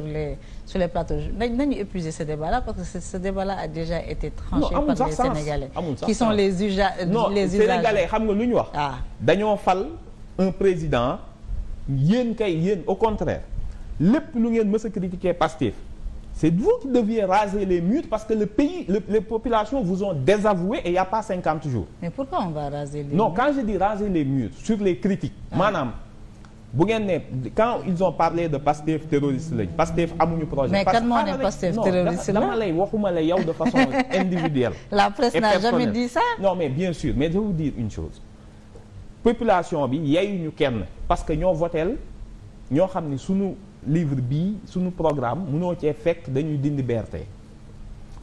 sur les sur les plateaux nañ nañu épuiser ce débat là parce que ce, ce débat là a déjà été tranché non, par les sens. qui sont les usa non, les usages sénégalais xam nga lu ñu wax ah dañoo fal un président yéen kay yéen au contraire lépp lu ngeen mës a critiquer c'est vous qui deviez raser les murs parce que le pays le, les populations vous ont désavoué et il n'y a pas cinquante jours mais pourquoi on va raser les non murs? je dis raser les murs sur les critiques ah. bu ngeen ne quand ils ont parlé de Pastef terroriste lañ Pastef amuñu projet. mais kan moo ne Pastef terroriste la dama lay waxuma la yow de façon individuelle. la presse n'a jamais dit ça. non mais bien sûr mais je vais vous dire une chose population bi yeyuñu kenn parce que ñoo voteel ñoo xam ne suñu livre bii sunu programme mënoo cee fekk dañuy dindi BRT.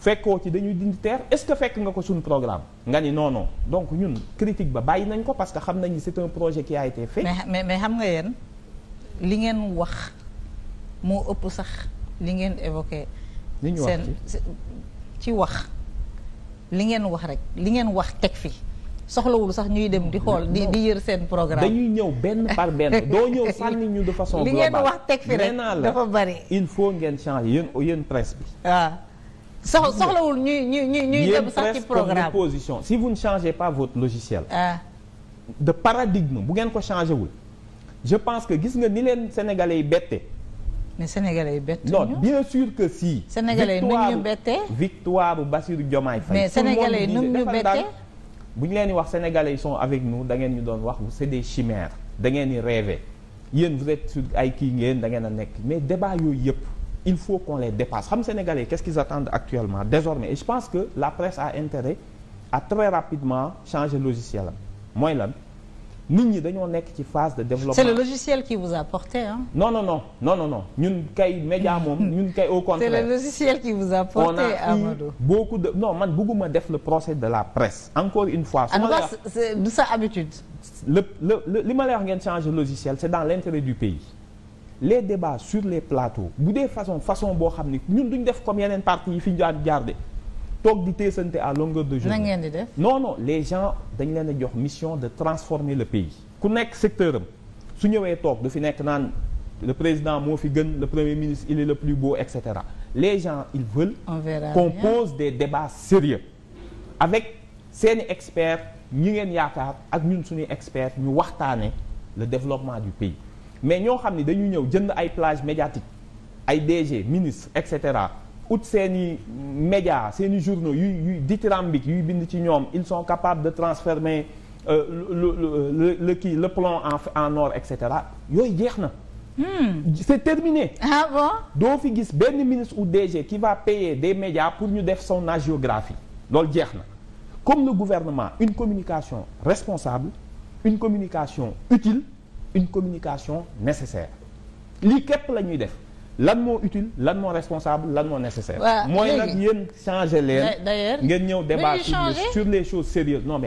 fekkoo ci dañuy dindi terre est-ce que fekk nga ko suñu programme nga ni non non donc ñun critique ba bàyyi nañ ko parce que xam nañ ni c'est a été fait. mais mais xam nga li ngeen wax moo ëpp sax li ngeen évoqué. li ñu wax ci wax li ngeen wax rek li ngeen wax teg fi. soxlawul sax ñuy dem di xool di di yër seen programme dañuy ñëw benn par benn doo ñëw sànni ñu de façon globale li ngeen wax teg fi rek dafa bari il faut ngeen changer yéen yéen presse bi waaw ah. sox soxlawul ñuy ñuy ñuy ñuy dem sax ci programme position si vous ne changez pas votre Ah. de paradigme bu ngeen ko changé wul. je pense que gis nga ni leen sénégalais yi bette. mais y yi bette non bien sûr que si. sénégalais yi ñu bettee victoire bu Bassirou Diomaye Faye. mais sénégalais yi ñu bettee bu ñu leen di wax sénégalais yi sont avec nous da ngeen ñu doon wax c'est des chimères da ngeen di rêver yéen vous êtes ay kii ngeen da ngeen a nekk mais débat yooyu yëpp. il faut qu'on les dépasse xam sénégalais qu'est-ce qu'ils attendent actuellement désormais et je pense que la presse a intérêt à très rapidement changer logiciel am mooy lan nit ñi dañoo nekk ci phase de développement. c'est le logiciel qui vous a porté hein. non non non non non non ñun kay média moom ñun kay au contraire. c'est le logiciel qui vous a porté Amadou. beaucoup de non man bëgguma def le procès de la presse encore une fois. su ma la du sa habitude. le le li ma lay wax ngeen changer logiciel c'est dans l'intérêt du pays. les débats sur les plateaux bu dee façon façon boo xam ni ñun duñ def comme yeneen parti yi fi ñu daan jaarde toog di teesante à longueur de journée. na ngeen di def les gens dañ leen a jox mission de transformer le pays. ku nekk secteur am su ñëwee toog du fi nekk naan le président moo fi gën le premier ministre il est le plus beau et cetera les gens ils veulent. on verra qu'on pose des débats sérieux avec seeni experts ñu ngeen yaakaar ak ñun suñuy experts ñu waxtaanee le développement du pays. mais ñoo xam ni dañuy ñëw jënd ay plage médiatique ay DG ministre et cetera ut seen i médias seen i journaux yuy yuy dithyrambique yuy bind ci ñoom ils sont capables de transformer euh, le le le kii le plomb en en or et cetera yooyu jeex na. Hmm. c'est terminé. ah bon doo fi gis benn ministre ou DG qui va payer des médias pour ñu def son agiographie loolu jeex na comme le gouvernement une communication responsable une communication utile. une communication nécessaire lii képp la ñuy def lan moo utile lan moo responsable lan moo nécessaire mooy nag yéen changer leen ngeen ñëw débat sur les choses sérieuses non